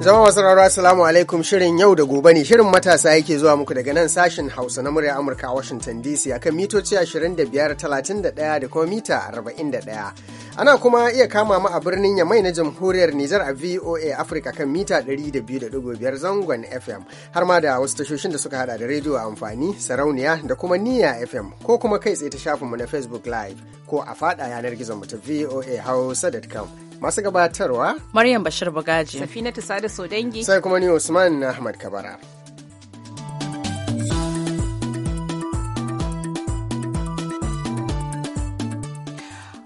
Zama masu rarra Assalamu alaikum shirin yau da gobe ne shirin matasa yake zuwa muku daga nan sashen Hausa na murya Amurka a Washington DC akan mitoci 25, 31 da kuma mita 41. Ana kuma iya kama mu a birnin Yamai na Jamhuriyar Nijar a VOA Africa kan mita 200.5 zangon FM har ma da wasu tashoshin da suka hada da rediyo a amfani, sarauniya da kuma niya FM ko kuma kai tsaye ta shafinmu na Facebook Live ko a fada yanar gizon mu ta voa hausa.com Masu gabatarwa Maryam Bashir Bugaji Safina Tusada Sodangi sai kuma ni Usman Ahmad Kabara.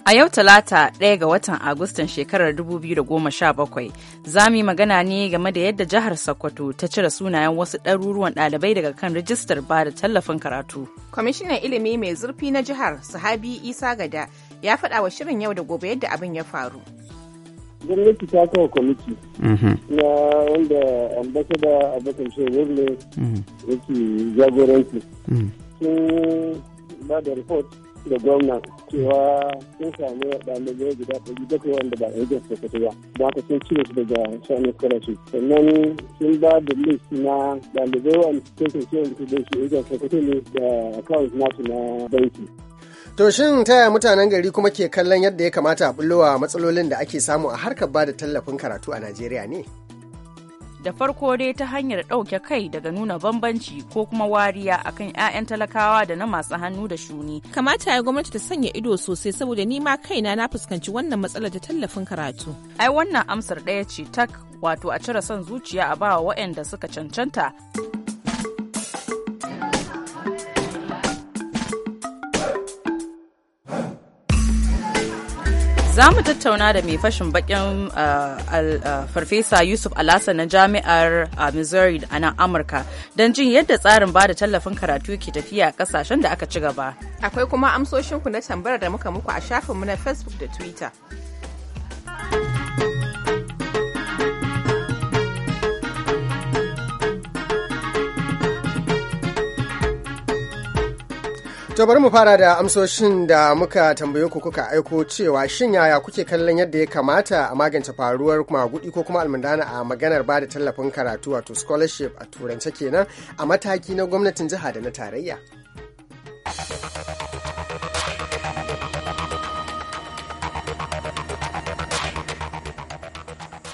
A yau Talata ɗaya ga watan Agustan shekarar 2017 za mu yi magana ne game da yadda jihar Sokoto ta cire sunayen wasu ɗaruruwan ɗalibai daga kan rijistar ba da tallafin karatu. Kwamishinan ilimi mai zurfi na jihar Sahabi Isa Gada ya faɗa wa shirin yau da gobe yadda abin ya faru. gwamnati ta kawo kwamiti mhm. na wanda ambasada abokan shewurle mhm. yake jagoranci mhm. sun ba da report da gwamna cewa sun samu da guda ɗari bakwai wanda ba a jinsu da ba da haka sun cire su daga sha'anin scholarship sannan sun ba da list na ɗalibai wanda sun kasance wanda su da shi ne da account nasu na banki To shin ta yaya mutanen gari kuma ke kallon yadda ya kamata a bullowa matsalolin da ake samu a harkar ba da tallafin karatu a Najeriya ne? Da farko dai ta hanyar ɗauke kai daga nuna bambanci ko kuma wariya akan 'ya'yan talakawa da na masu hannu da shuni. Kamata ya gwamnati ta sanya ido sosai saboda ni ma kaina na fuskanci wannan matsalar da tallafin karatu. Ai wannan amsar ɗaya ce tak wato a cire son zuciya a bawa waɗanda suka cancanta. za mu tattauna da mai fashin bakin uh, uh, farfesa yusuf alasa na jami'ar uh, missouri a nan amurka don jin yadda tsarin ba da tallafin karatu ke tafiya a kasashen da aka ci gaba akwai kuma amsoshinku na tambayar da muka muku a shafinmu na facebook da twitter To bari mu fara da amsoshin da muka tambaye ku kuka aiko cewa shin yaya kuke kallon yadda ya kamata a magance faruwar magudi ko kuma almundana a maganar ba da tallafin karatu wato scholarship a turance kenan a mataki na gwamnatin jiha da na tarayya.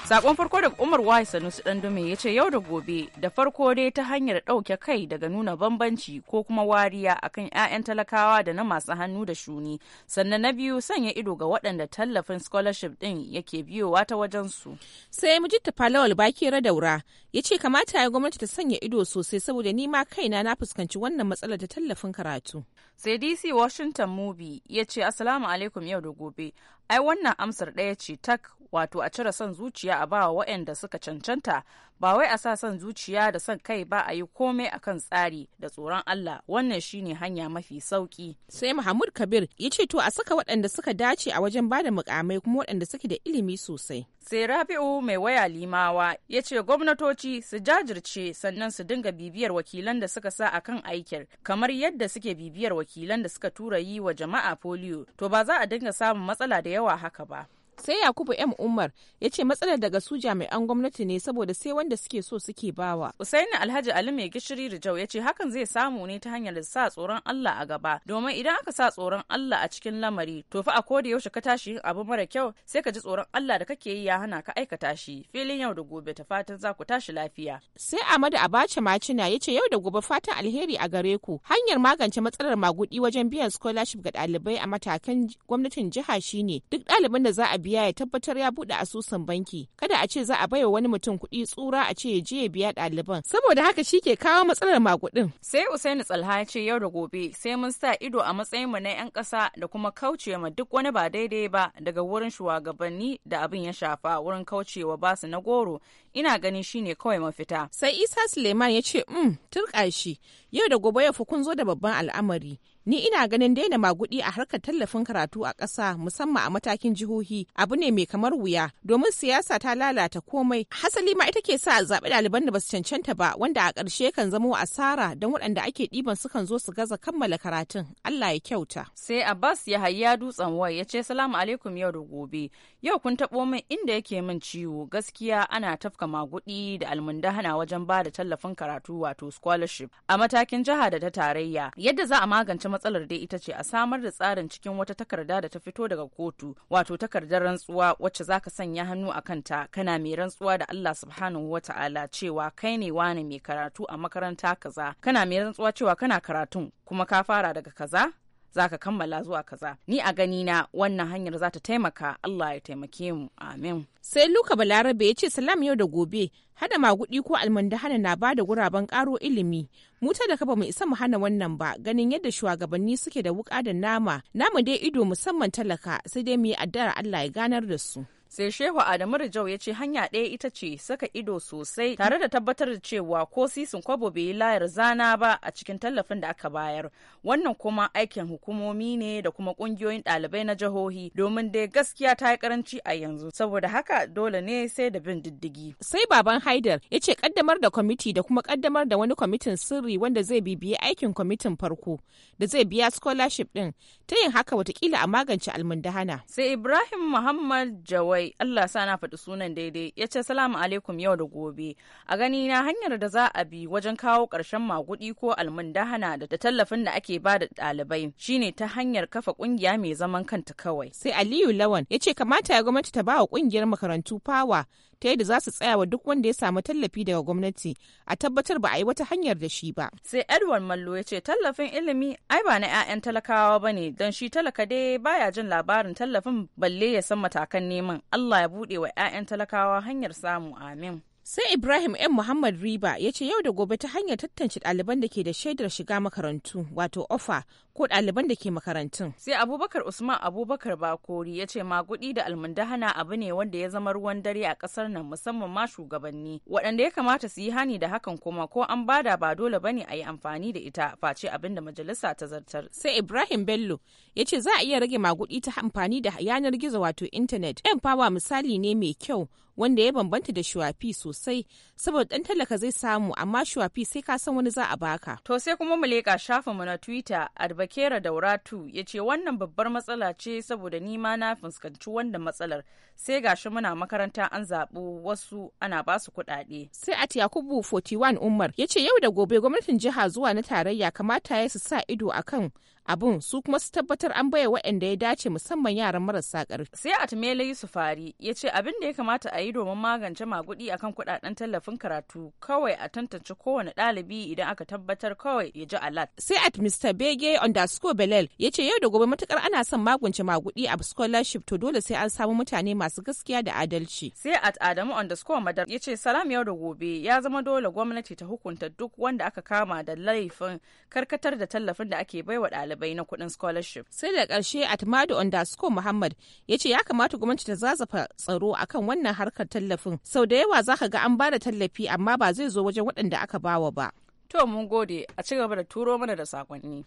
Sakon farko da Umar Wahai Sanusi Dandume ya ce yau da gobe da farko dai ta hanyar ɗauke kai daga nuna bambanci ko kuma wariya akan 'ya'yan talakawa da na masu hannu da shuni. Sannan na biyu sanya ido ga waɗanda tallafin scholarship ɗin yake biyowa ta wajen su Sai jitta Falawal ra Daura ya ce kamata ya gwamnati ta sanya ido sosai saboda ni ma kaina na fuskanci wannan matsalar da tallafin karatu. Sai DC Washington movie ya ce Assalamu alaikum yau da gobe. Ai wannan amsar ɗaya ce tak wato a cire son zuciya a bawa waɗanda suka cancanta ba wai a sa son zuciya da son kai ba a yi komai a kan tsari da tsoron Allah wannan shine hanya mafi sauki. Sai Muhammad Kabir ya ce to a saka waɗanda suka dace a wajen bada mukamai kuma waɗanda suke da ilimi sosai. Sai Rabi'u mai waya limawa ya ce gwamnatoci su jajirce sannan su dinga bibiyar wakilan da suka sa akan aikin kamar yadda suke bibiyar wakilan da suka tura yi wa jama'a polio to ba za a dinga samun matsala da yawa haka ba. sai yakubu m umar ya ce matsalar daga su jami'an gwamnati ne saboda sai wanda suke so suke bawa usaini alhaji ali mai gishiri rijau ya ce hakan zai samu ne ta hanyar sa tsoron allah a gaba domin idan aka sa tsoron allah a cikin lamari to fa a koda yaushe ka tashi yin abu mara kyau sai ka ji tsoron allah da kake yi ya hana ka aikata shi filin yau da gobe ta fatan za ku tashi lafiya sai amadu abacha macina ya ce yau da gobe fatan alheri a gare ku hanyar magance matsalar magudi wajen biyan scholarship ga ɗalibai a matakan gwamnatin jiha shine duk ɗalibin da za a biya biya ya tabbatar ya buɗe asusun banki kada a ce za a baiwa wani mutum kuɗi tsura a ce ya je ya biya ɗaliban saboda haka shi ke kawo matsalar maguɗin. sai usaini tsalha ya ce yau da gobe sai mun sa ido a matsayin mu na 'yan ƙasa da kuma kaucewa duk wani ba daidai ba daga wurin shugabanni da abin ya shafa wurin kaucewa basu na goro ina ganin shine kawai mafita sai isa suleiman ya ce um mm, turƙa shi yau da gobe ya fi kun zo da babban al'amari Ni ina ganin daina magudi a harkar tallafin karatu a ƙasa musamman a matakin jihohi abu ne mai kamar wuya domin siyasa ta lalata komai. Hasali ma ita ke sa a zaɓi ɗaliban da ba su cancanta ba wanda a ƙarshe kan zamo asara don waɗanda ake ɗiban sukan zo su gaza kammala karatun. Allah ya kyauta. Sai Abbas ya hayya dutsen wai ya ce salamu alaikum yau da gobe. Yau kun taɓo min inda yake min ciwo gaskiya ana tafka magudi da almundahana wajen ba da tallafin karatu wato scholarship a matakin jiha da ta tarayya. Yadda za a magance matsalar dai ita ce a samar da tsarin cikin wata takarda da ta fito daga kotu wato takardar rantsuwa wacce zaka sanya hannu a kanta kana mai rantsuwa da Allah subhanahu wata'ala cewa kai ne wani mai karatu a makaranta kaza kana mai rantsuwa cewa kana karatun kuma ka fara daga kaza za ka kammala zuwa kaza ni a gani na wannan hanyar za ta taimaka Allah ya taimake mu amin sai luka balarabe ya ce salam yau da gobe hada magudi ko almanda hana na ba da guraben karo ilimi mu ta da kafa mu isa mu hana wannan ba ganin yadda shugabanni suke da wuka da nama namu dai ido musamman talaka sai dai mu yi addu'ar Allah ya ganar da su sai shehu adamu rijau ya ce hanya ɗaya ita ce saka ido sosai tare da tabbatar da cewa ko sisin kwabo bai yi layar zana ba a cikin tallafin da aka bayar wannan kuma aikin hukumomi ne da kuma ƙungiyoyin ɗalibai na jihohi domin dai gaskiya ta yi karanci a yanzu saboda haka dole ne sai da bin diddigi sai baban haidar ya ce kaddamar da kwamiti da kuma kaddamar da wani kwamitin sirri wanda zai bibiye aikin kwamitin farko da zai biya scholarship din ta yin haka watakila a magance almundahana sai ibrahim muhammad jawai Allah sa na faɗi sunan daidai, ya ce salamu alaikum yau da gobe. A gani na hanyar da za a bi wajen kawo ƙarshen maguɗi ko almundahana da tallafin da ake ba da ɗalibai shine ta hanyar kafa ƙungiya mai zaman kanta kawai. Sai Aliyu Lawan ya ce kamata ya gwamnati ta ba wa ƙungiyar makarantu fawa ta yadda za su tsaya wa duk wanda ya samu tallafi daga gwamnati a tabbatar ba a yi wata hanyar da shi ba. Sai Edward Mallo ya ce tallafin ilimi ai ba na 'ya'yan talakawa ba ne don shi talaka dai baya jin labarin tallafin balle ya san matakan neman Allah ya buɗe wa 'ya'yan talakawa hanyar samu amin. Sai Ibrahim M. Muhammad Riba ya ce yau da gobe ta hanyar tantance ɗaliban da ke da shaidar shiga makarantu wato ofa ko ɗaliban da ke makarantun. Sai Abubakar Usman Abubakar Bakori ya ce magudi da almundahana abu ne wanda ya zama ruwan dare a ƙasar nan musamman ma shugabanni waɗanda ya kamata su yi hani da hakan kuma ko an bada ba dole bane a yi amfani da ita face abin da majalisa ta zartar. Sai Ibrahim Bello ya ce za a iya rage magudi ta amfani da yanar gizo wato intanet. Yan misali ne mai kyau wanda ya bambanta da shuwafi sosai saboda dan talaka zai samu amma shuwafi sai ka san wani za a baka. To sai kuma mu leƙa mu na Twitter Adbakera Dauratu ya ce wannan babbar matsala ce saboda ni ma na fuskanci wannan matsalar sai gashi muna makaranta an zaɓi wasu ana ba su kuɗaɗe. Sai a Yakubu 41 Umar ya ce yau da gobe gwamnatin jiha zuwa na tarayya kamata ya su sa ido a kan abun su kuma su tabbatar an baya waɗanda ya dace musamman yaran marasa ƙarfi. Sai a su Yusufari ya ce abin da ya kamata a yi domin magance maguɗi akan kuɗaɗen tallafin karatu kawai a tantance kowane ɗalibi idan aka tabbatar kawai ya ji alat. Sai at Mr. Bege underscore Belel ya ce yau da gobe matukar ana son magance maguɗi a scholarship to dole sai an samu mutane masu masu gaskiya da adalci. Sai at Adamu underscore madar ya ce salam yau da gobe ya zama dole gwamnati ta hukunta duk wanda aka kama da laifin karkatar da tallafin da ake baiwa ɗalibai na kuɗin scholarship. Sai da ƙarshe at Madu underscore Muhammad ya ce ya kamata gwamnati ta zazafa tsaro akan wannan harkar tallafin. Sau da yawa za ka ga an bada tallafi amma ba zai zo wajen waɗanda aka bawa ba. To mun gode a ci gaba da turo mana da sakonni.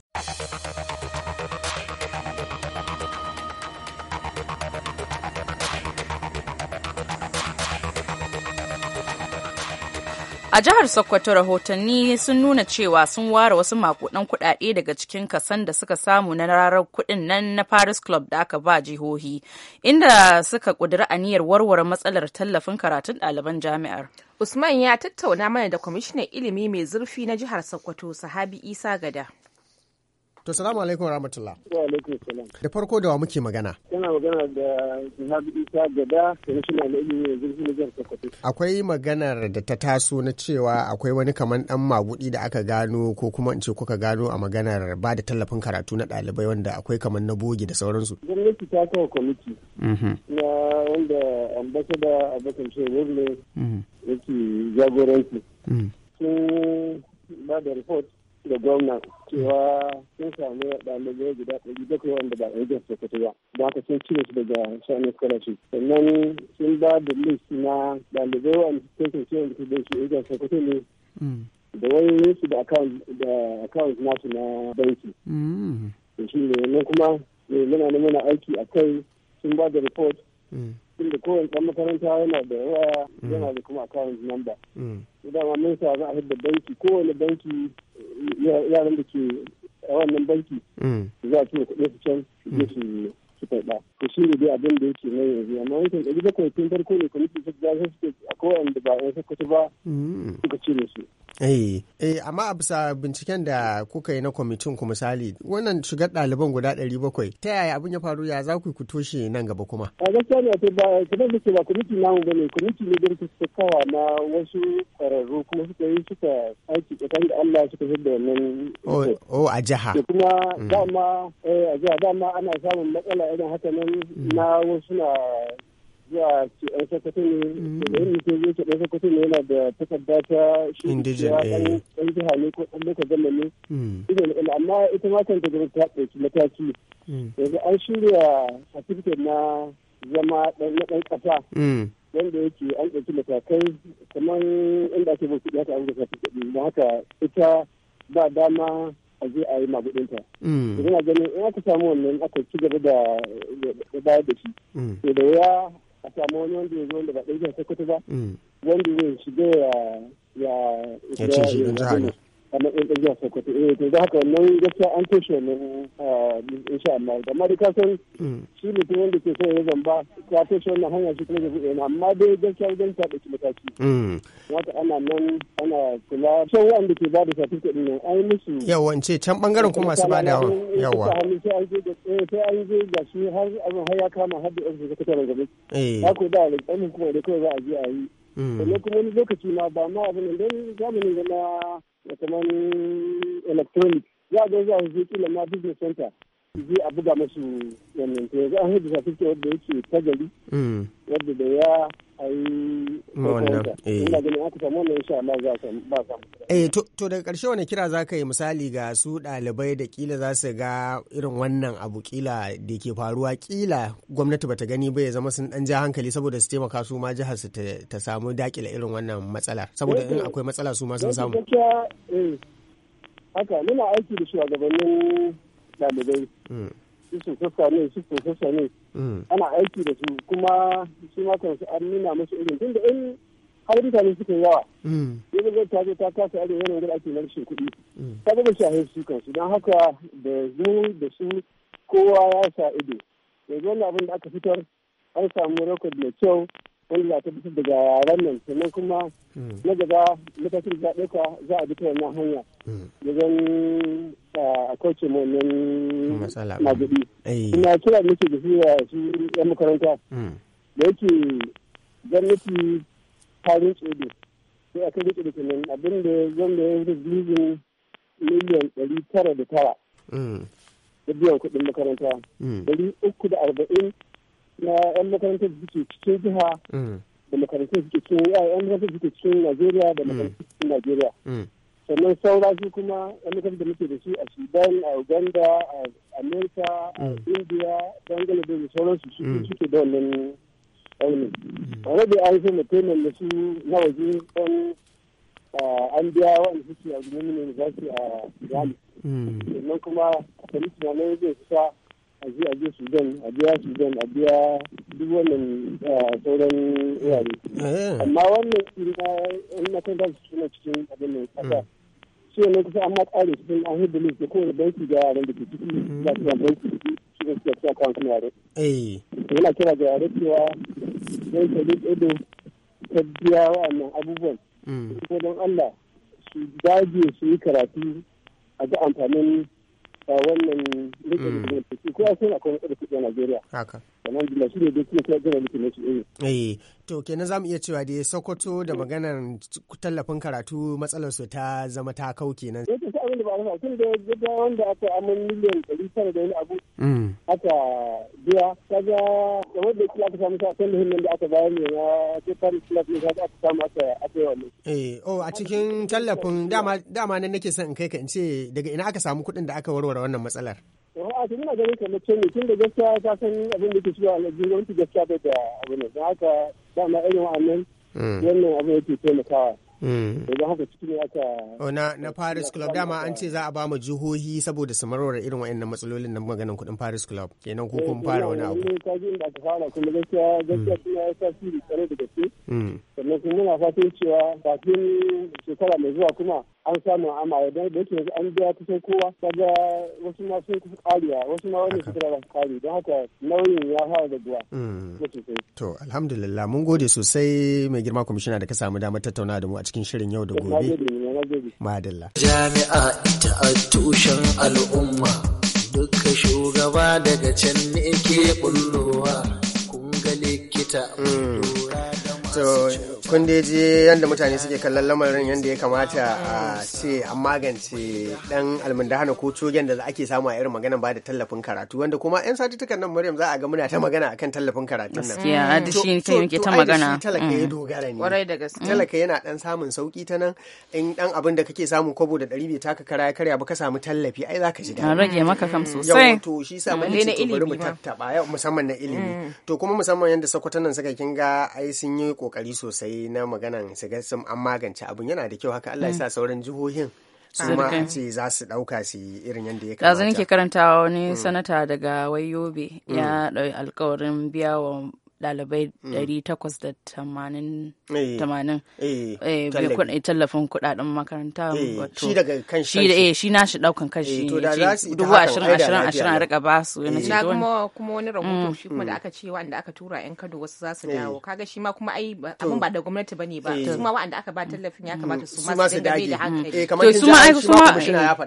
A jihar Sokoto rahotanni sun nuna cewa sun ware wasu makudan kuɗaɗe daga cikin kasan da suka samu na rarar kuɗin nan na Paris Club da aka ba jihohi, inda suka ƙudiri aniyar warware matsalar tallafin karatun ɗaliban jami'ar. Usman ya tattauna mana da kwamishinan ilimi mai zurfi na jihar Sokoto, Sahabi Isa Gada. To salamu alaikum rahmatullah. Wa alaikum salam. Da farko da wa muke magana? Kana magana da Jihadu Isa Gada, Commissioner na Ilimi da Zirgin Jihar Sokoto. Akwai maganar da ta taso na cewa akwai wani kaman dan magudi da aka gano ko kuma in ce kuka gano a maganar ba da tallafin karatu na ɗalibai wanda akwai kaman na bogi da sauransu. Gwamnati ta kawo kwamiti. Mm-hmm. Na wanda ambasada Abubakar Shehu Wurle mm-hmm. yake jagoranci. Mm-hmm. Sun ba da report da gwamna cewa sun samu ɗalibai guda ɗari bakwai wanda ba ɗan jihar Sokoto ba da aka sun cire su daga shani scholarship sannan sun ba da list na ɗalibai wanda sun kasance wanda su bai shi jihar Sokoto ne mm. da wani su da account nasu na banki da mm. shi ne kuma eh, muna na muna aiki a kai sun ba da report mm. tunda kowane ɗan makaranta yana da waya yana da kuma account number idan mm. a mun sa za a hidda banki kowane banki yaran da ke a wannan banki mm. za a tura kuɗi su can su su karɓa to shi ne dai abin da yake nan yanzu amma yankin ɗari bakwai tun farko ne kwamitin su ga su a kowane da ba a yanzu kuta ba mm. suka cire su Eh, eh amma a bisa binciken da kuka yi na kwamitin ku misali wannan shigar ɗaliban guda ɗari bakwai ta yaya abin ya faru ya za ku ku toshe nan gaba kuma. A gaskiya ne ta ba kuma ba ce ba kwamitin namu ba ne kwamitin ne da suka kawa na wasu ƙwararru kuma suka yi suka aiki tsakanin da Allah suka fi da wannan. o a jiha. Da kuma mm. dama eh, a jiha dama ana samun matsala irin haka nan mm. na wasu na zuwa yan sokoto ne da yin mutum zai ce sokoto ne yana da takarda ta shi indigen eh. ɗan jiha ne ko ɗan lokacin zama ne mm. indigen amma ita ma kanta gwamnati ta ɗauki mataki mm. yanzu an shirya certificate na zama na ɗan ƙasa mm. wanda yake an ɗauki matakai kamar inda ake bin kuɗi haka an gasa kuɗi da haka ita ba dama a je a yi mabuɗinta. Ina ganin in aka samu wannan aka ci gaba da bayar da shi. To da ya samu wani wanda ya zo da ba ɗan Sokoto ba mm. wanda zai shiga ya ya ya shi jihar ne a matsayin ɗan jihar Sokoto eh to za haka wannan gaskiya an toshe wannan ah, insha Allah da dai ka san mm. shi mutum wanda ke so ya zamba ya toshe wannan hanya shi kuma zai buɗe amma dai gaskiya wajen ta ɗauki mataki mm. wata ana nan ana kula can wanda ke bada certificate ɗin an yi musu yawa ce can bangaren kuma su bada yawa sai an je da eh, sai an je da shi har abin har ya kama har da yan su ka da gaba eh ko da alƙalin kuma da kawai za a je a yi sannan kuma wani lokaci ma ba ma abin da zamanin zama da kamar electronic za a ga za su kila ma business center zai a buga masu wannan to yanzu an haɗu suke wadda yake ta gari hmm. wadda da ya ayi wannan eh. ina ganin aka samu wannan insha Allah za su ba samu eh, to daga karshe wani kira za ka yi misali ga su ɗalibai da kila za su ga irin wannan abu kila da ke faruwa kila gwamnati bata gani ba ya zama sun dan ja hankali saboda su taimaka su ma jihar su ta samu dakila irin wannan matsalar saboda in akwai matsala su ma sun samu eh, haka muna aiki da shugabannin ɗalibai mm. su sassa ne su sassa ne mm. ana aiki da su kuma su ma su an nuna musu irin tun da in har mutane suka yawa yanzu mm. zai ta zo ta kasa arewa yanayin da ake nan rashin kuɗi ta zama shahe su kansu don haka da zu da su kowa ya sa ido yanzu wannan abin da aka fitar an samu rekod mai kyau wanda ta fito daga yaren nan sannan kuma hmm. na gaba matakin za ɗauka za a duka wannan hanya hmm. wajen kauce ma wannan magudi eh. ina kira nake da su su yan makaranta hmm. da yake gwamnati ta rince da sai aka rince da kenan abin da wanda ya fi bilirin miliyan ɗari tara da tara da biyan kuɗin makaranta ɗari uku da arba'in na yan makarantar da jiha mm. da makarantar suke najeriya sannan saura kuma yan makarantar da muke da su a sudan a uganda a Amerika, a mm. india bangladesh da sauransu su mm. suke da wannan ainihin tare da an sai da su na waje don an biya wani suke a za su a ghana sannan kuma a zai sa a je a je sudan a biya sudan a biya duk wannan sauran wurare eh. amma wannan na yan makaranta su suna cikin abin nan hmm. kasa shi ne kusa an ma tsare su an hudu ne ko da banki ga yaran da ke ciki hmm. za su ga banki su ga suka cikin kawon yare yana eh. kira ga yare cewa yan sabbin ido ta biya wa'annan abubuwan hmm. ko don allah su dage su yi karatu a ga amfanin wannan likin da mm. ke ciki ko a sai akwai matsalar kuɗi a Najeriya. Haka. kamar jimla shi ne da kuma kuma gana mutum nasu eh to kenan zamu iya cewa dai sokoto da maganar tallafin karatu matsalar su ta zama ta kau kenan eh sa abin da ba a tun da ya yadda wanda aka amin miliyan ɗari tara da wani abu mm. aka biya kaga kamar da kuma aka samu ta tallafin nan da aka bayar ne na ta fara club ne kaga aka samu aka aka yi wannan eh oh a cikin tallafin dama dama nan nake son in kai ka in ce daga ina aka samu kuɗin da aka warware wannan matsalar a na ganin kamacin ne tun da gaskiya ta san abin da ke cewa alhaji gwamnati gaskiya bai da abu ne don haka dama irin wa'annan hmm. wannan abu yake taimakawa Idan Na, na Paris Club dama an ce za a ba mu jihohi saboda su marwara irin wa'annan matsalolin na maganin kudin Paris Club. Kenan ko kun fara wani abu. Sannan kuma muna fatan cewa kafin shekara mai zuwa kuma an samu amawa don da yake yanzu an biya kusan kowa kaga wasu ma sun kusa kariya wasu ma wani kusa ba su kari don haka nauyin ya fara da buwa. To alhamdulillah mun gode sosai mai girma kwamishina da ka samu damar tattauna da mu a cikin shirin yau da gobe. Madalla. Jami'a ita a tushen al'umma duka shugaba daga can ne ke bullowa kun ga likita. Mm. so kun je yadda mutane suke kallon lamarin yadda ya kamata a ce an magance dan almundahana ko cogen da ake samu a irin magana ba da tallafin karatu wanda kuma yan satuttukan nan Maryam za a ga muna ta magana akan tallafin karatu nan gaskiya da shi kai yanke ta magana talaka ya mm. dogara ne kwarai da gaske talaka yana dan samun sauki ta nan in dan abin da kake samu kobo da 100 bai taka kara ya karya ba ka samu tallafi ai ka ji daɗi rage maka kam sosai to shi sa mun ce bari mu tattaba musamman na ilimi mm. to kuma musamman yadda sakwatan nan suka kinga ai sun yi kokari sosai na maganan su ga an magance abin yana da kyau haka Allah ya sa mm. sauran jihohin su ma a ce za su ɗauka su irin yadda ya kamata. Ɗazu ke karantawa wani mm. sanata daga Wayobe ya mm. ɗau alkawarin biya wa ɗalibai 880 mm. eh. eh. eh, tallafin kudaden makaranta shi shi shi na shi daukan kan shi dubu ashirin ashirin ashirin rika ba su yana ce kuma kuma wani rahoto mm. shi kuma da aka ce wanda aka tura yan kado wasu za su dawo kaga shi ma kuma ai abin ba da gwamnati bane ba su ma wanda aka ba tallafin ya mm. kamata su ma su dinga da haka su ma ai su ma ya haka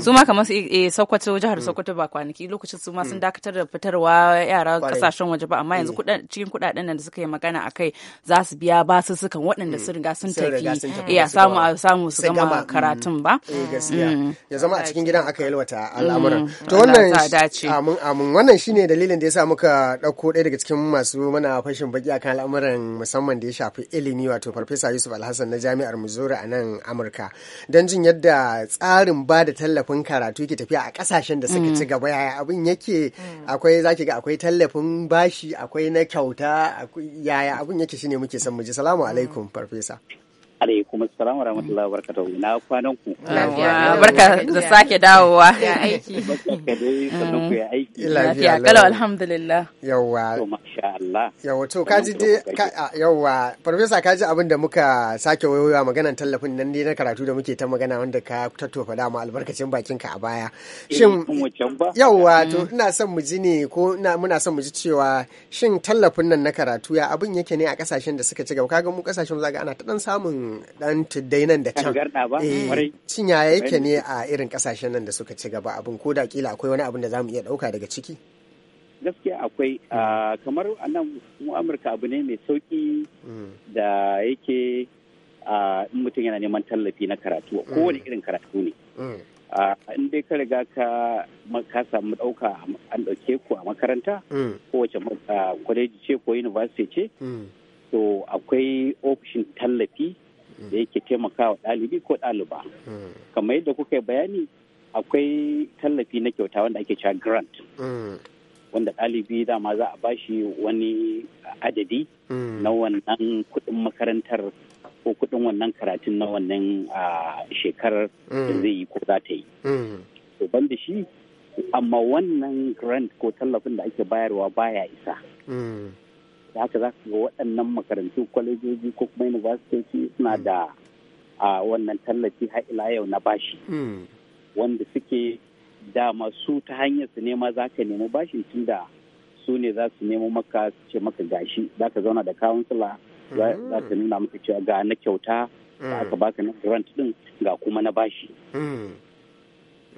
su ma kamar eh Sokoto jihar Sokoto ba kwanaki lokacin su ma sun dakatar da fitarwa yara kasashen waje ba amma yanzu cikin kudaden nan da suka yi magana a kai za su biya basussukan waɗanda mm. sun riga sun tafi iya samu a samu su gama mm. karatun ba eh, mm. ya zama a cikin gidan aka yalwata al'amuran to wannan amin amin wannan shine dalilin da yasa muka ɗauko ɗaya daga cikin masu mana fashin baki akan al'amuran musamman da ya shafi ilimi wato farfesa Yusuf Alhassan na jami'ar Missouri a nan Amurka don jin yadda tsarin ba da tallafin karatu yake tafiya a kasashen da suka ci gaba yaya abin yake akwai zaki ga akwai tallafin bashi akwai na kyauta yaya abun yake shine muke son mu ji salamu alaikum farfesa alaikum rahmatullahi wa barakatuhu na kwanan ku lafiya barka da sake dawowa ya aiki barka dai sannan ku mm. ya aiki lafiya kalau alhamdulillah yawa to masha Allah yawa to kaji dai yawa professor kaji abin da muka sake wayoya maganan tallafin nan ne na karatu da muke ta magana wanda ka tattofa da mu albarkacin bakin ka a baya eh, shin yawa to mm. ina son mu ji ne ko muna son mu ji cewa shin tallafin nan na karatu ya abin yake ne a kasashen da suka ci gaba kaga mu kasashen ga ana ta dan samun dan tuddai nan da can eh, shin ya yake ne a irin kasashen nan da suka ci gaba abin ko da kila akwai wani abin da za mu iya dauka daga ciki gaskiya akwai hmm. ah, kamar a nan amurka abu ne mai sauki hmm. da yake ah, in mutum yana neman tallafi na karatu hmm. kowane irin karatu ne ah, in dai ka riga ka ka samu ɗauka an dauke ku a makaranta kowace kwaleji ce ko university ce to akwai ofishin tallafi da yake taimakawa ɗalibi ko ɗaliba kamar yadda kuka yi bayani akwai tallafi na kyauta wanda ake cewa grant wanda ɗalibi dama za a bashi wani adadi na wannan kuɗin makarantar ko kuɗin wannan karatun na wannan shekarar da zai yi ko za ta yi ban da shi amma wannan grant ko tallafin da ake bayarwa baya isa da haka za su ga waɗannan makarantu kwalejoji ko kuma yunivasitoci suna mm. da wannan tallafi har ila yau na bashi mm. wanda suke dama su ta hanyar su nema za ka nemi bashin tunda su ne za su nemo maka ce maka gashi za ka zauna da kawunsila za ka mm. nuna maka cewa ga na kyauta da aka baka na grant din ga kuma na bashi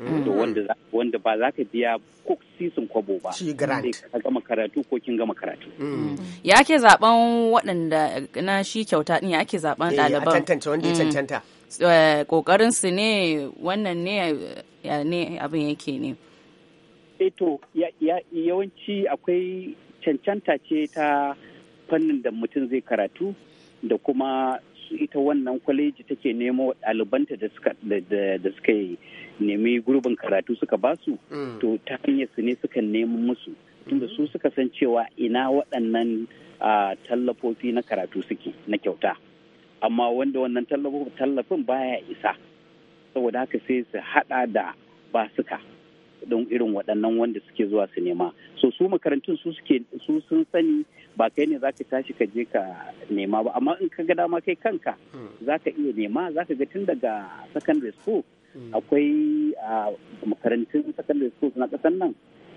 Mm. to wanda ba za ka biya ko sisin kwabo ba shi grant ka gama karatu ko kin gama karatu mm. ya ke zaben waɗanda na shi kyauta din ya ke zaben eh, ɗaliban ya tantance wanda ya tantanta mm. kokarin eh, su ne wannan ne ya ne abin yake ne eto eh, yawanci akwai cancanta ce ta fannin da mutum zai karatu da kuma su ita wannan kwaleji take nemo ɗalibanta da suka nemi gurbin karatu suka ba su? Mm. to ta hanyar su ne suka nemo musu tunda su mm-hmm. suka san cewa ina waɗannan tallafofi na karatu suke na kyauta amma wanda wannan tallafin baya isa saboda haka sai su haɗa da basuka don irin waɗannan wanda suke zuwa sinema so su makarantun su suke su sun sani ba kai ne zaka tashi ka je ka nema ba amma in ka ga dama kai kanka hmm. zaka iya nema zaka ga tun daga secondary school hmm. akwai ah, makarantun secondary school na ƙasar nan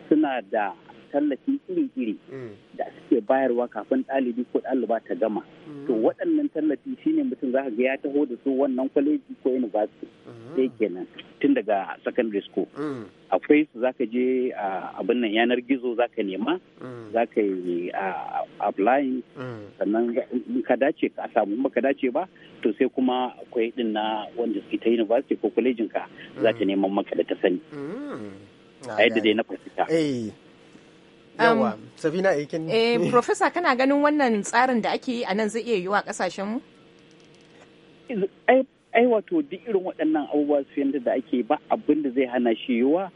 suna da tallafi iri-iri mm. da suke bayarwa kafin ɗalibi ko ɗaliba ta gama mm. to waɗannan tallafi shine mutum za ga ya taho da su wannan kwaleji ko university mm-hmm. sai kenan tun daga secondary school mm. akwai su za ka je abin nan yanar gizo za ka nema za ka yi applying sannan ka dace ka samu ba ka dace ba to sai kuma akwai din na wanda ta university ko kwalejinka za ta neman maka da ta sani a yadda dai na fasita eh. yawa um, safina aikin eh, eh Profesa kana ganin wannan tsarin da ake yi a nan zai iya yiwa kasashen mu ai wato duk irin waɗannan abubuwa su yanda da ake ba abin da zai hana shi yiwa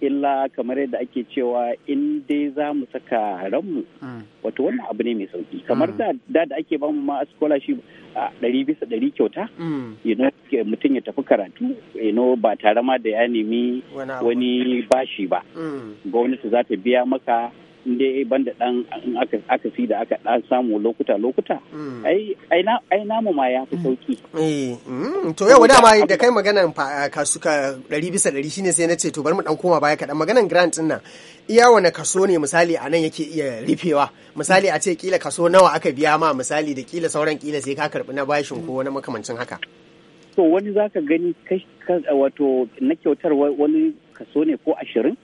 illa kamar yadda ake cewa in dai za mu saka ranmu hmm. wato wannan abu ne mai sauki kamar hmm. da da ake bamu mu ma scholarship a ɗari bisa ɗari kyauta hmm. mutum ya tafi karatu ino ba tare ma da ya nemi wani bashi ba gwamnati za ta biya maka in dai ban da dan aka fi da aka dan samu lokuta lokuta mm. ai ai namu ma ya fi mm. sauki eh, mm. to yau da ma da kai maganan kasuka 100 bisa 100 shine sai na ce to bari mu dan koma baya kaɗan maganan grant din nan iya wani kaso ne misali a nan yake iya rufewa misali a ce kila kaso nawa aka biya ma misali da kila sauran kila sai ka karbi na bashin ko wani makamancin haka to wani zaka gani kai wato na kyautar wani kaso ne ko ashirin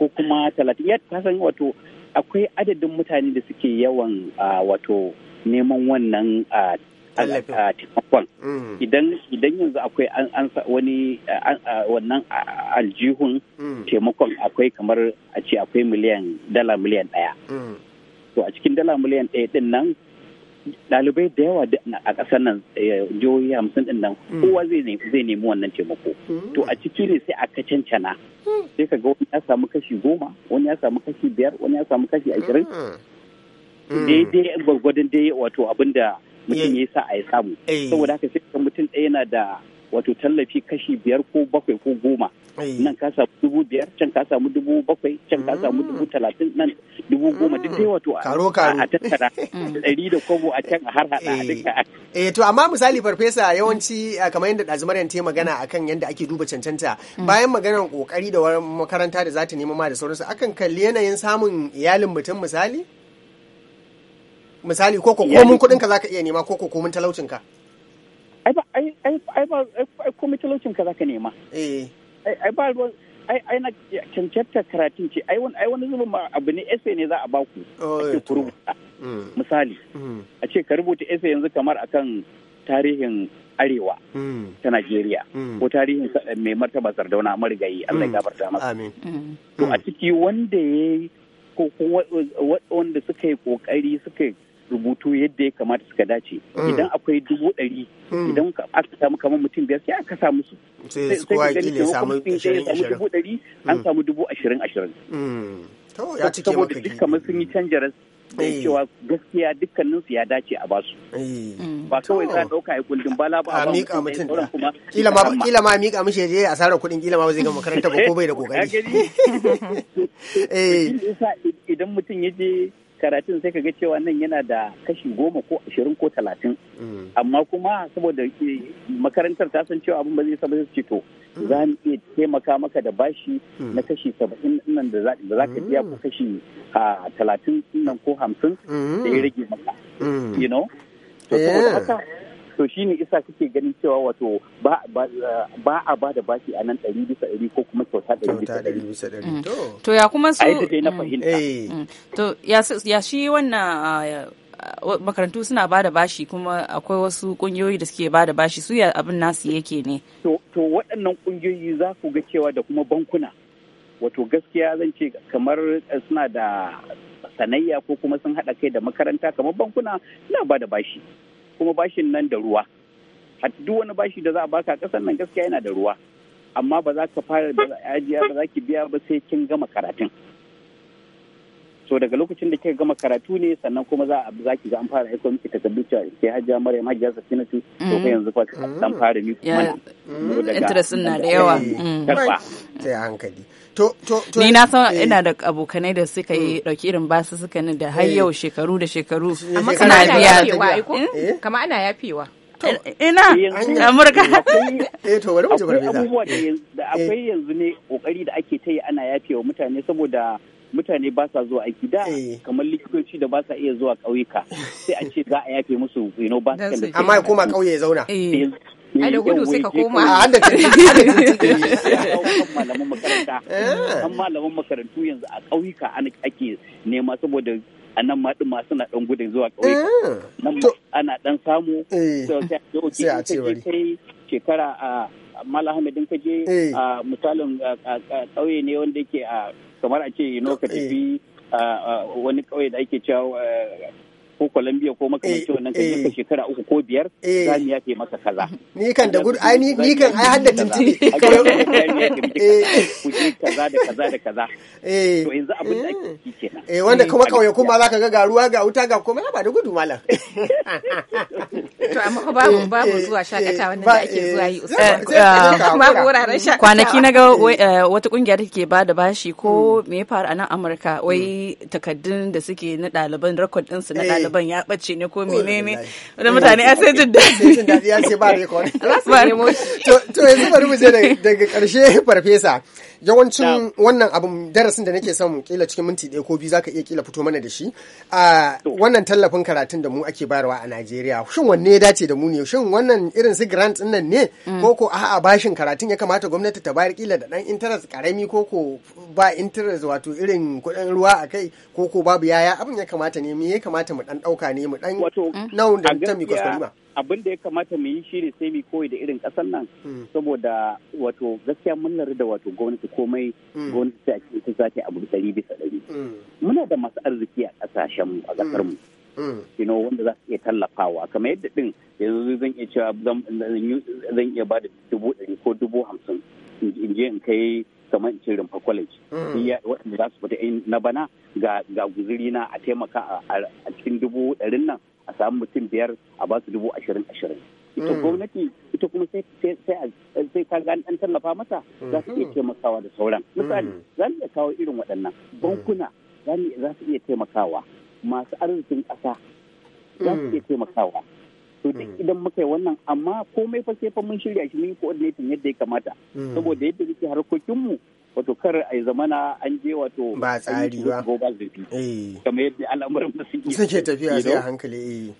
ko kuma talatin ya kasan wato akwai adadin mutane da suke yawan wato neman wannan taimakon mm. idan yanzu akwai an wani wannan aljihun mm. taimakon akwai kamar a ce akwai miliyan dala miliyan daya mm. to a cikin dala miliyan daya din nan ɗalibai da yawa a ƙasar nan eh, jihohi hamsin ɗinnan nan hmm. kowa zai nemi wannan taimako hmm. to a ciki ne sai aka cancana hmm. sai ka ga wani ya samu kashi goma wani ya samu kashi biyar wani ya samu kashi ashirin daidai gwargwadon dai wato abin da mutum ya sa a ya samu eh. saboda haka sai mutum ɗaya yana da wato tallafi kashi biyar ko bakwai ko goma nan ka samu dubu biyar can ka samu dubu bakwai can ka samu dubu mm. talatin nan dubu goma duk dai wato a tattara ɗari da kwabo a can a harhaɗa a eh. duka eh to amma misali farfesa yawanci ah, kamar yadda ɗazumar ta yi magana akan yadda ake duba cancanta mm. bayan maganar kokari da makaranta da za ta nema ma da sauransu akan kalli yanayin samun iyalin mutum misali misali ko ko komin kuɗinka za ka iya nema ko ko komin talaucinka. ka ai ba ai ai ba ai komai talaucin ka zaka nema eh ai ba ruwan ai ai na cancanta karatun ce ai wani ai wani zubin abu ne essay ne za a baku ake ku oh, rubuta mm. misali mm. a ce ka rubuta essay yanzu kamar akan tarihin arewa mm. ta Najeriya ko tarihin eh, mai martaba Sardauna marigayi Allah ya gafarta masa amin to a ciki wanda yayi ko wanda suka yi kokari suka rubutu yadda ya kamata suka dace hmm. idan akwai dubu ɗari hmm. idan aka samu kamar mutum biyar sai aka samu su sai kowa ya samu dubu ɗari an hmm. samu dubu ashirin ashirin saboda duk sun yi canjaras sai eh. cewa gaskiya dukkanin su ya dace a basu eh. ba kawai za a ɗauka ya kullum bala ba a mika mutum da kila ma kila ma miƙa mishi yaje a sarar kuɗin kila ma ba zai ga makaranta ba ko bai da kokari eh. idan mutum yaje karatun sai ka ga cewa nan yana da kashi goma ko ashirin ko talatin mm. amma kuma saboda eh, makarantar ta san cewa abin ba zai saba zai ce to mm. za mu iya taimaka maka da bashi mm. na kashi saba'in nan da za ka biya ko kashi ah, talatin nan ko hamsin da ya rage maka you know to shi ne isa kake ganin cewa wato ba a ba da bashi a nan ɗari bisa ɗari ko kuma kyauta ɗari bisa ɗari mm. to ya kuma su mm. eh. mm. to ya shi wannan ah, makarantu suna ba da bashi kuma akwai wasu ƙungiyoyi da suke ba da bashi su ya abin nasu yake ne to waɗannan ƙungiyoyi za ku ga cewa da kuma bankuna wato gaskiya zan ce kamar suna da sanayya ko kuma sun haɗa kai da makaranta kamar bankuna suna ba da bashi kuma bashin nan da ruwa duk wani bashi da za a baka kasar nan gaskiya yana da ruwa amma ba za ka fara da ajiya ba za ki biya ba sai kin gama karatun so daga lokacin da kika gama karatu ne sannan kuma za a zaki ga an fara aiko miki takardu cewa ke hajjia maryam hajjia safinatu to kai mm. yanzu fa dan fara miki kuma mm, interest na da eh, yawa eh, mm. sai hankali to to to ni na san eh. ina da abokanai da suka yi dauki irin basu suka ni da har yau shekaru da shekaru kana biya kama ana yafewa ina amurka abubuwa da akwai yanzu ne kokari da ake ta yi ana yafewa mutane saboda mutane ba sa zuwa aiki da eh. kamar likitoci da ba sa iya zuwa ƙauyuka sai a ce za a yafe musu you ba su amma ya koma ƙauye ya zauna eh. eh, a da gudu sai ka koma a ah, da malaman makaranta ah. an malaman makarantu yanzu a ƙauyuka ake nema saboda a nan ma ɗin suna ɗan gudun zuwa ƙauyuka ah. nan ana ɗan samu sai a ce shekara a mala hamidin kaje a misalin ƙauye ne wanda yake a kamar a ce ino ka eh. tafi uh, uh, wani kawai da ake cewa uh, ko Colombia ko makamancin eh, wannan kai eh. ka shekara uku ko biyar eh. za mu yafe maka kaza ni kan da gudu ai ni kan ai hadda tintibi ku je kaza da kaza da kaza to yanzu abin da ake ciki kenan eh wanda kuma kauye kuma zaka ga ga ruwa ga wuta ga kuma ba da gudu malam to amma babu babu zuwa shakatawa nan da ake zuwa yi babu wuraren shakatawa kwanaki na ga wata kungiya da ke bada bashi ko hmm. me ya faru a nan Amurka wai hmm. takaddun da suke na ɗaliban rekod ɗinsu na ɗaliban shugaban ya ɓace ne ko mene ne wani eh, mutane ya sai jin daɗi jin daɗi ya ce ba rekod to yanzu bari mu je daga ƙarshe farfesa yawancin wannan abin darasin da nake samu kila cikin minti ɗaya ko biyu zaka iya kila fito mana da shi a wannan tallafin karatun da mu ake bayarwa a Najeriya shin wanne ya dace da mu ne shin wannan irin su grant din nan ne mm. ko ko a'a bashin karatun ya kamata gwamnati ta bayar kila da dan interest karami ko ko ba interest wato irin kuɗin ruwa a kai ko ko babu yaya abin ya kamata ne me ya kamata mu dan ɗauka ne mu dan nawa da ta mi abin da ya kamata mu yi shine sai mu koyi da irin kasar nan hmm. saboda wato gaskiya mun lura da wato gwamnati komai hmm. gwamnati ta ce ta ce abu ribi bisa dari hmm. muna da masu arziki a kasashen mu a kasar mu you know wanda za su iya tallafawa kamar yadda din yanzu zan iya cewa zan iya ba da dubu ɗari ko dubu hamsin in je in kai kamar ce rumfa college waɗanda za su fita na bana ga guzuri na a taimaka a cikin dubu ɗarin nan a samu mutum biyar a ba su dubu ashirin ashirin ita mm. gwamnati ita kuma sai sai ka gani an tallafa mata za su iya mm. taimakawa da sauran mm. misali za mu iya kawo irin waɗannan bankuna za su iya taimakawa masu arzikin ƙasa za su iya taimakawa to duk idan muka yi wannan amma komai fa sai fa mun shirya shi mun yi coordinating yadda ya kamata saboda yadda muke harkokinmu wato kar a yi zamana an je wato ba tsari ba eh. kamar yadda al'amuran da suke suke tafiya sai a hankali eh.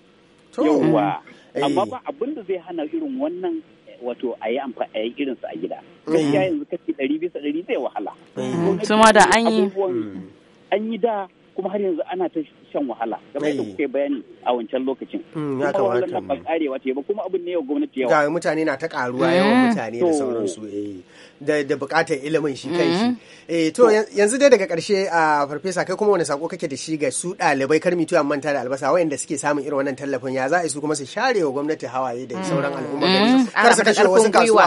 yawwa mm, eh. amma ba abin da zai hana irin wannan wato a yi amfani a yi irin su a gida mm. gaskiya yanzu kashi ɗari bisa ɗari zai wahala kuma mm. da an yi an yi da kuma har yanzu ana ta shan wahala kamar yadda eh. kuke bayani a wancan lokacin hmm, kuma wannan ba karewa ce ba kuma abin ne yau gwamnati yawa ga mutane na ta karuwa yawan eh. mutane da sauransu eh da da bukatar ilimin shi kai shi mm-hmm. eh to yanzu dai daga karshe a farfesa kai kuma wani sako kake da shi ga su ɗalibai kar mi tuya manta da albasa wayanda suke samun irin wannan tallafin ya za a su kuma su share wa gwamnati hawaye da mm. sauran al'umma mm. kar su kashe wasu kasuwa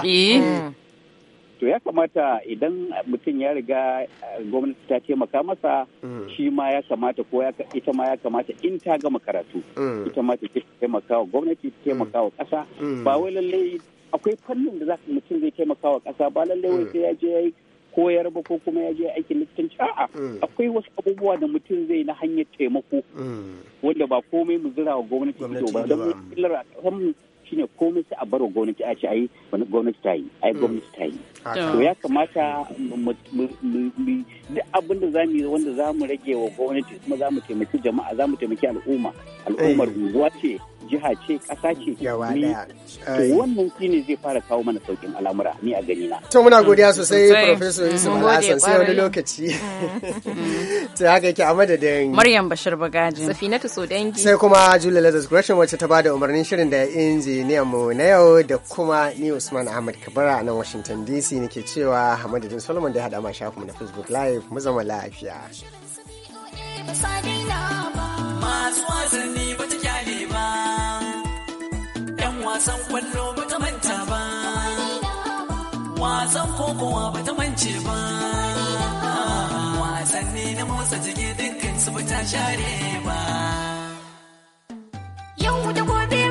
to ya kamata idan mutum ya riga eh, gwamnati ta taimaka masa mm. shi ma ya kamata ko ita ma ya kamata in ta gama karatu mm. ita ma ta taimaka wa gwamnati ta taimaka wa ƙasa mm. ba wai lallai akwai fannin da za mutum zai taimaka wa ƙasa ba lallai wai sai ya je ya yi koyar ba ko kuma ya je aikin likitanci a'a akwai wasu abubuwa da mutum zai na hanyar taimako wanda ba komai mu zira wa gwamnati ba don mu shine komai sai a baro gwamnati a ce ai gwamnati ta yi ai hmm. gwamnati ta yi to ya kamata duk abin da zamu yi wanda zamu rage wa gwamnati kuma zamu taimaki jama'a zamu taimaki al'umma al'ummar eh. unguwa ce jiha ce ƙasa ce wannan shi ne zai fara kawo mana saukin al'amura ni a gani na to muna godiya mm. sosai professor Yusuf Hassan sai wani lokaci mm. to haka yake a madadin Maryam Bashir Bagaji Safinatu Sodangi sai kuma Julia Lazarus Gresham wacce ta bada umarnin shirin da injiniyan mu na yau da kuma ni Usman Ahmad Kabara a nan Washington DC nake cewa Hamadadin Solomon da ya hada ma shafin na Facebook Live mu zama lafiya Masu wasanni ba wasan kwallo bata manta ba wasan kokowa ba mance ba wasanni na motsa jiki dukkan su ba share ba yau da gobe